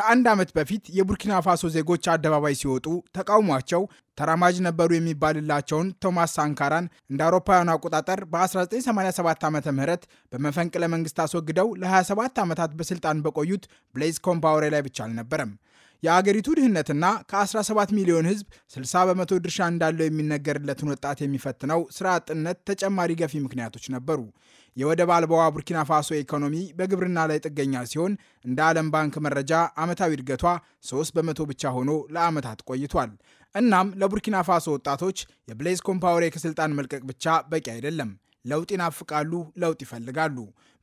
ከአንድ ዓመት በፊት የቡርኪና ፋሶ ዜጎች አደባባይ ሲወጡ ተቃውሟቸው ተራማጅ ነበሩ የሚባልላቸውን ቶማስ ሳንካራን እንደ አውሮፓውያኑ አቆጣጠር በ1987 ዓ ም በመፈንቅለ መንግስት አስወግደው ለ27 ዓመታት በስልጣን በቆዩት ብሌዝ ኮምፓውሬ ላይ ብቻ አልነበረም። የአገሪቱ ድህነትና ከ17 ሚሊዮን ህዝብ 60 በመቶ ድርሻ እንዳለው የሚነገርለትን ወጣት የሚፈትነው ስራ አጥነት ተጨማሪ ገፊ ምክንያቶች ነበሩ። የወደብ አልባዋ ቡርኪና ፋሶ ኢኮኖሚ በግብርና ላይ ጥገኛ ሲሆን እንደ ዓለም ባንክ መረጃ ዓመታዊ እድገቷ 3 በመቶ ብቻ ሆኖ ለዓመታት ቆይቷል። እናም ለቡርኪና ፋሶ ወጣቶች የብሌዝ ኮምፓውሬ ከስልጣን መልቀቅ ብቻ በቂ አይደለም። ለውጥ ይናፍቃሉ፣ ለውጥ ይፈልጋሉ።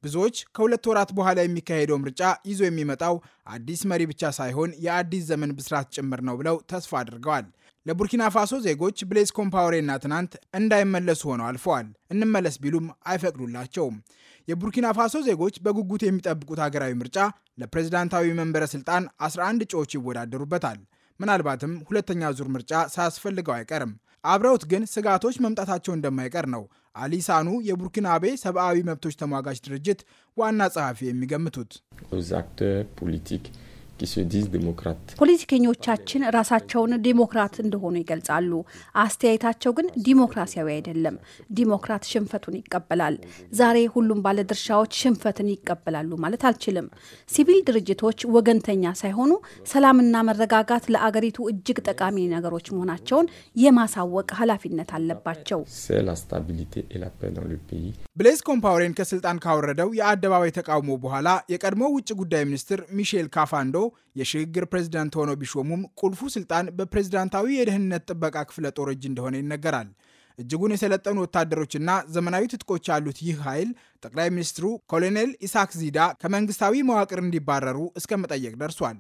ብዙዎች ከሁለት ወራት በኋላ የሚካሄደው ምርጫ ይዞ የሚመጣው አዲስ መሪ ብቻ ሳይሆን የአዲስ ዘመን ብስራት ጭምር ነው ብለው ተስፋ አድርገዋል። ለቡርኪና ፋሶ ዜጎች ብሌዝ ኮምፓውሬና ትናንት እንዳይመለሱ ሆነው አልፈዋል። እንመለስ ቢሉም አይፈቅዱላቸውም። የቡርኪና ፋሶ ዜጎች በጉጉት የሚጠብቁት ሀገራዊ ምርጫ ለፕሬዝዳንታዊ መንበረ ስልጣን 11 እጩዎች ይወዳደሩበታል። ምናልባትም ሁለተኛ ዙር ምርጫ ሳያስፈልገው አይቀርም። አብረውት ግን ስጋቶች መምጣታቸው እንደማይቀር ነው አሊሳኑ የቡርኪናቤ ሰብአዊ መብቶች ተሟጋች ድርጅት ዋና ጸሐፊ የሚገምቱት ፖለቲከኞቻችን ራሳቸውን ዲሞክራት እንደሆኑ ይገልጻሉ። አስተያየታቸው ግን ዲሞክራሲያዊ አይደለም። ዲሞክራት ሽንፈቱን ይቀበላል። ዛሬ ሁሉም ባለድርሻዎች ሽንፈትን ይቀበላሉ ማለት አልችልም። ሲቪል ድርጅቶች ወገንተኛ ሳይሆኑ ሰላምና መረጋጋት ለአገሪቱ እጅግ ጠቃሚ ነገሮች መሆናቸውን የማሳወቅ ኃላፊነት አለባቸው። ብሌዝ ኮምፓውሬን ከስልጣን ካወረደው የአደባባይ ተቃውሞ በኋላ የቀድሞ ውጭ ጉዳይ ሚኒስትር ሚሼል ካፋንዶ ሆነው የሽግግር ፕሬዝዳንት ሆነው ቢሾሙም ቁልፉ ስልጣን በፕሬዝዳንታዊ የደህንነት ጥበቃ ክፍለ ጦር እጅ እንደሆነ ይነገራል። እጅጉን የሰለጠኑ ወታደሮችና ዘመናዊ ትጥቆች ያሉት ይህ ኃይል ጠቅላይ ሚኒስትሩ ኮሎኔል ኢሳክ ዚዳ ከመንግስታዊ መዋቅር እንዲባረሩ እስከ መጠየቅ ደርሷል።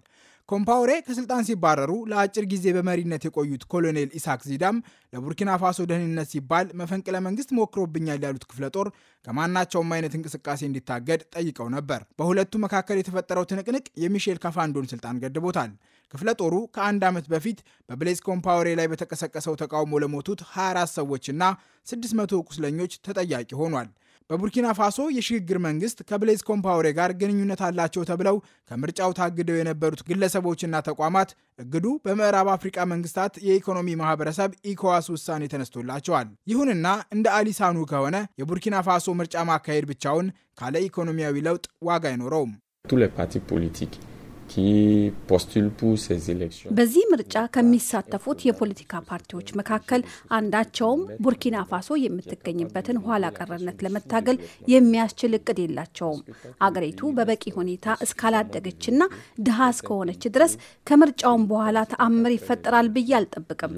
ኮምፓውሬ ከስልጣን ሲባረሩ ለአጭር ጊዜ በመሪነት የቆዩት ኮሎኔል ኢሳክ ዚዳም ለቡርኪና ፋሶ ደህንነት ሲባል መፈንቅለ መንግስት ሞክሮብኛል ያሉት ክፍለ ጦር ከማናቸውም አይነት እንቅስቃሴ እንዲታገድ ጠይቀው ነበር። በሁለቱ መካከል የተፈጠረው ትንቅንቅ የሚሼል ካፋንዶን ስልጣን ገድቦታል። ክፍለ ጦሩ ከአንድ ዓመት በፊት በብሌዝ ኮምፓውሬ ላይ በተቀሰቀሰው ተቃውሞ ለሞቱት 24 ሰዎችና 600 ቁስለኞች ተጠያቂ ሆኗል። በቡርኪና ፋሶ የሽግግር መንግስት ከብሌዝ ኮምፓውሬ ጋር ግንኙነት አላቸው ተብለው ከምርጫው ታግደው የነበሩት ግለሰቦችና ተቋማት እግዱ በምዕራብ አፍሪቃ መንግስታት የኢኮኖሚ ማህበረሰብ ኢኮዋስ ውሳኔ ተነስቶላቸዋል። ይሁንና እንደ አሊሳኑ ከሆነ የቡርኪና ፋሶ ምርጫ ማካሄድ ብቻውን ካለ ኢኮኖሚያዊ ለውጥ ዋጋ አይኖረውም። በዚህ ምርጫ ከሚሳተፉት የፖለቲካ ፓርቲዎች መካከል አንዳቸውም ቡርኪና ፋሶ የምትገኝበትን ኋላ ቀረነት ለመታገል የሚያስችል እቅድ የላቸውም። አገሪቱ በበቂ ሁኔታ እስካላደገችና ድሃ እስከሆነች ድረስ ከምርጫውም በኋላ ተአምር ይፈጠራል ብዬ አልጠብቅም።